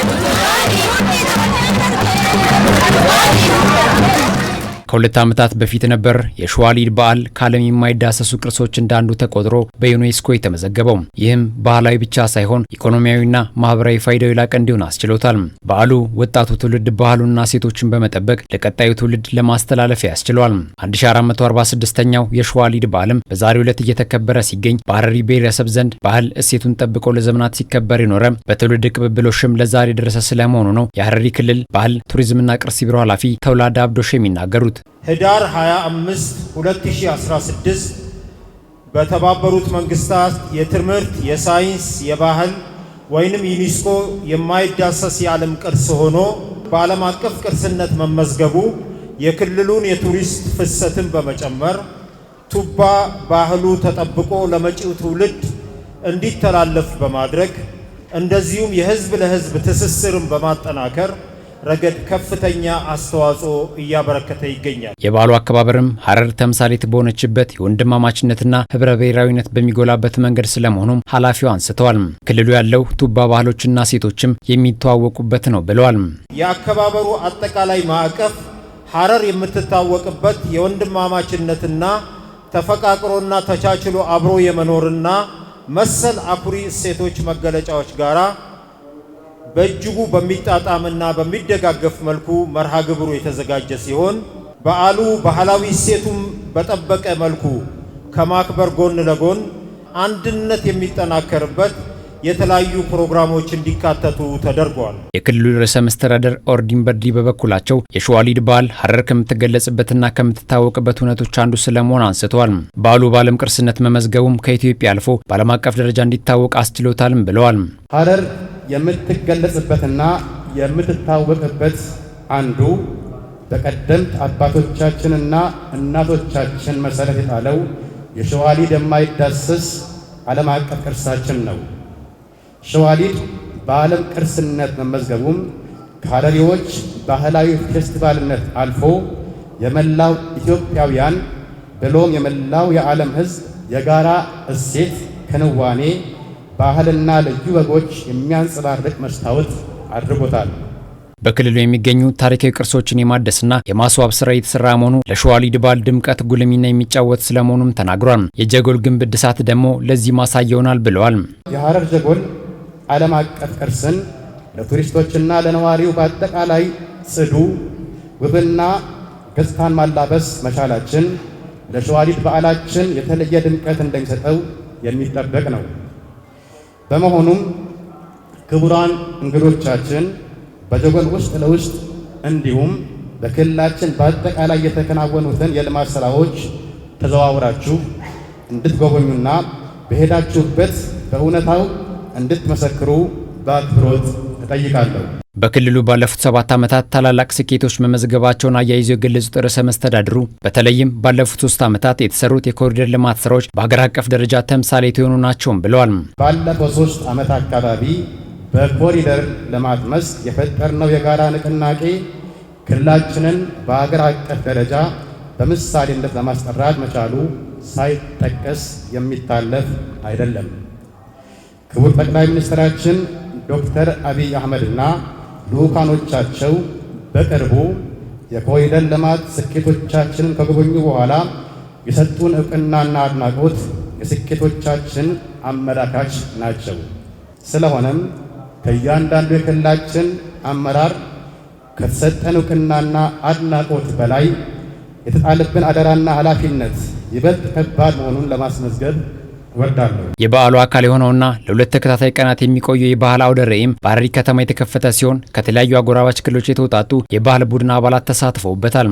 Thank you. ከሁለት ዓመታት በፊት ነበር የሸዋሊድ በዓል ከዓለም የማይዳሰሱ ቅርሶች እንዳንዱ ተቆጥሮ በዩኔስኮ የተመዘገበው። ይህም ባህላዊ ብቻ ሳይሆን ኢኮኖሚያዊና ማህበራዊ ፋይዳው የላቀ እንዲሆን አስችሎታል። በዓሉ ወጣቱ ትውልድ ባህሉና ሴቶችን በመጠበቅ ለቀጣዩ ትውልድ ለማስተላለፍ ያስችለዋል። 1446ኛው የሸዋሊድ በዓልም በዛሬው ዕለት እየተከበረ ሲገኝ በአረሪ ብሔረሰብ ዘንድ ባህል እሴቱን ጠብቆ ለዘመናት ሲከበር የኖረ በትውልድ ቅብብሎሽም ለዛሬ ደረሰ ስለመሆኑ ነው የሀረሪ ክልል ባህል ቱሪዝምና ቅርስ ቢሮ ኃላፊ ተውላድ አብዶሽ የሚናገሩት። ህዳር 25 2016 በተባበሩት መንግስታት የትምህርት፣ የሳይንስ፣ የባህል ወይንም ዩኒስኮ የማይዳሰስ የዓለም ቅርስ ሆኖ በዓለም አቀፍ ቅርስነት መመዝገቡ የክልሉን የቱሪስት ፍሰትን በመጨመር ቱባ ባህሉ ተጠብቆ ለመጪው ትውልድ እንዲተላለፍ በማድረግ እንደዚሁም የህዝብ ለህዝብ ትስስርን በማጠናከር ረገድ ከፍተኛ አስተዋጽኦ እያበረከተ ይገኛል። የበዓሉ አከባበርም ሀረር ተምሳሌት በሆነችበት የወንድማማችነትና ህብረ ብሔራዊነት በሚጎላበት መንገድ ስለመሆኑም ኃላፊው አንስተዋል። ክልሉ ያለው ቱባ ባህሎችና ሴቶችም የሚተዋወቁበት ነው ብለዋል። የአከባበሩ አጠቃላይ ማዕቀፍ ሀረር የምትታወቅበት የወንድማማችነትና ተፈቃቅሮና ተቻችሎ አብሮ የመኖርና መሰል አኩሪ እሴቶች መገለጫዎች ጋራ በእጅጉ በሚጣጣምና በሚደጋገፍ መልኩ መርሃ ግብሩ የተዘጋጀ ሲሆን በዓሉ ባህላዊ እሴቱም በጠበቀ መልኩ ከማክበር ጎን ለጎን አንድነት የሚጠናከርበት የተለያዩ ፕሮግራሞች እንዲካተቱ ተደርጓል። የክልሉ ርዕሰ መስተዳደር ኦርዲን በድሪ በበኩላቸው የሸዋሊድ በዓል ሀረር ከምትገለጽበትና ከምትታወቅበት እውነቶች አንዱ ስለመሆን አንስተዋል። በዓሉ በዓለም ቅርስነት መመዝገቡም ከኢትዮጵያ አልፎ በዓለም አቀፍ ደረጃ እንዲታወቅ አስችሎታልም ብለዋል። ሀረር የምትገለጽበትና የምትታወቅበት አንዱ በቀደምት አባቶቻችንና እናቶቻችን መሠረት የጣለው የሸዋሊድ የማይዳሰስ ዓለም አቀፍ ቅርሳችን ነው። ሸዋሊድ በዓለም ቅርስነት መመዝገቡም ከሐረሪዎች ባህላዊ ፌስቲቫልነት አልፎ የመላው ኢትዮጵያውያን ብሎም የመላው የዓለም ሕዝብ የጋራ እሴት ክንዋኔ ባህልና ልዩ ወጎች የሚያንጸባርቅ መስታወት አድርጎታል። በክልሉ የሚገኙ ታሪካዊ ቅርሶችን የማደስና የማስዋብ ስራ የተሰራ መሆኑ ለሸዋሊድ በዓል ድምቀት ጉልህ ሚና የሚጫወት ስለመሆኑም ተናግሯል። የጀጎል ግንብ እድሳት ደግሞ ለዚህ ማሳያ ይሆናል ብለዋል። የሐረር ጀጎል ዓለም አቀፍ ቅርስን ለቱሪስቶችና ለነዋሪው በአጠቃላይ ጽዱ ውብና ገጽታን ማላበስ መቻላችን ለሸዋሊድ በዓላችን የተለየ ድምቀት እንደሚሰጠው የሚጠበቅ ነው። በመሆኑም ክቡራን እንግዶቻችን በጀጎል ውስጥ ለውስጥ እንዲሁም በክልላችን በአጠቃላይ የተከናወኑትን የልማት ስራዎች ተዘዋውራችሁ እንድትጎበኙና በሄዳችሁበት በእውነታው እንድትመሰክሩ በአክብሮት እጠይቃለሁ። በክልሉ ባለፉት ሰባት ዓመታት ታላላቅ ስኬቶች መመዝገባቸውን አያይዞ የገለጹት ርዕሰ መስተዳድሩ በተለይም ባለፉት ሶስት ዓመታት የተሰሩት የኮሪደር ልማት ስራዎች በሀገር አቀፍ ደረጃ ተምሳሌት የሆኑ ናቸውም ብለዋል። ባለፈው ሶስት ዓመት አካባቢ በኮሪደር ልማት መስክ የፈጠርነው የጋራ ንቅናቄ ክልላችንን በሀገር አቀፍ ደረጃ በምሳሌነት ለማስጠራት መቻሉ ሳይጠቀስ የሚታለፍ አይደለም። ክቡር ጠቅላይ ሚኒስትራችን ዶክተር አብይ አህመድና ልዑካኖቻቸው በቅርቡ የኮሪደር ልማት ስኬቶቻችንን ከጎበኙ በኋላ የሰጡን እውቅናና አድናቆት የስኬቶቻችን አመላካች ናቸው። ስለሆነም ከእያንዳንዱ የክልላችን አመራር ከተሰጠን እውቅናና አድናቆት በላይ የተጣለብን አደራና ኃላፊነት ይበልጥ ከባድ መሆኑን ለማስመዝገብ ወርዳለሁ። የበዓሉ አካል የሆነውና ለሁለት ተከታታይ ቀናት የሚቆየው የባህል አውደ ርዕይም በሐረሪ ከተማ የተከፈተ ሲሆን ከተለያዩ አጎራባች ክልሎች የተውጣጡ የባህል ቡድን አባላት ተሳትፈውበታል።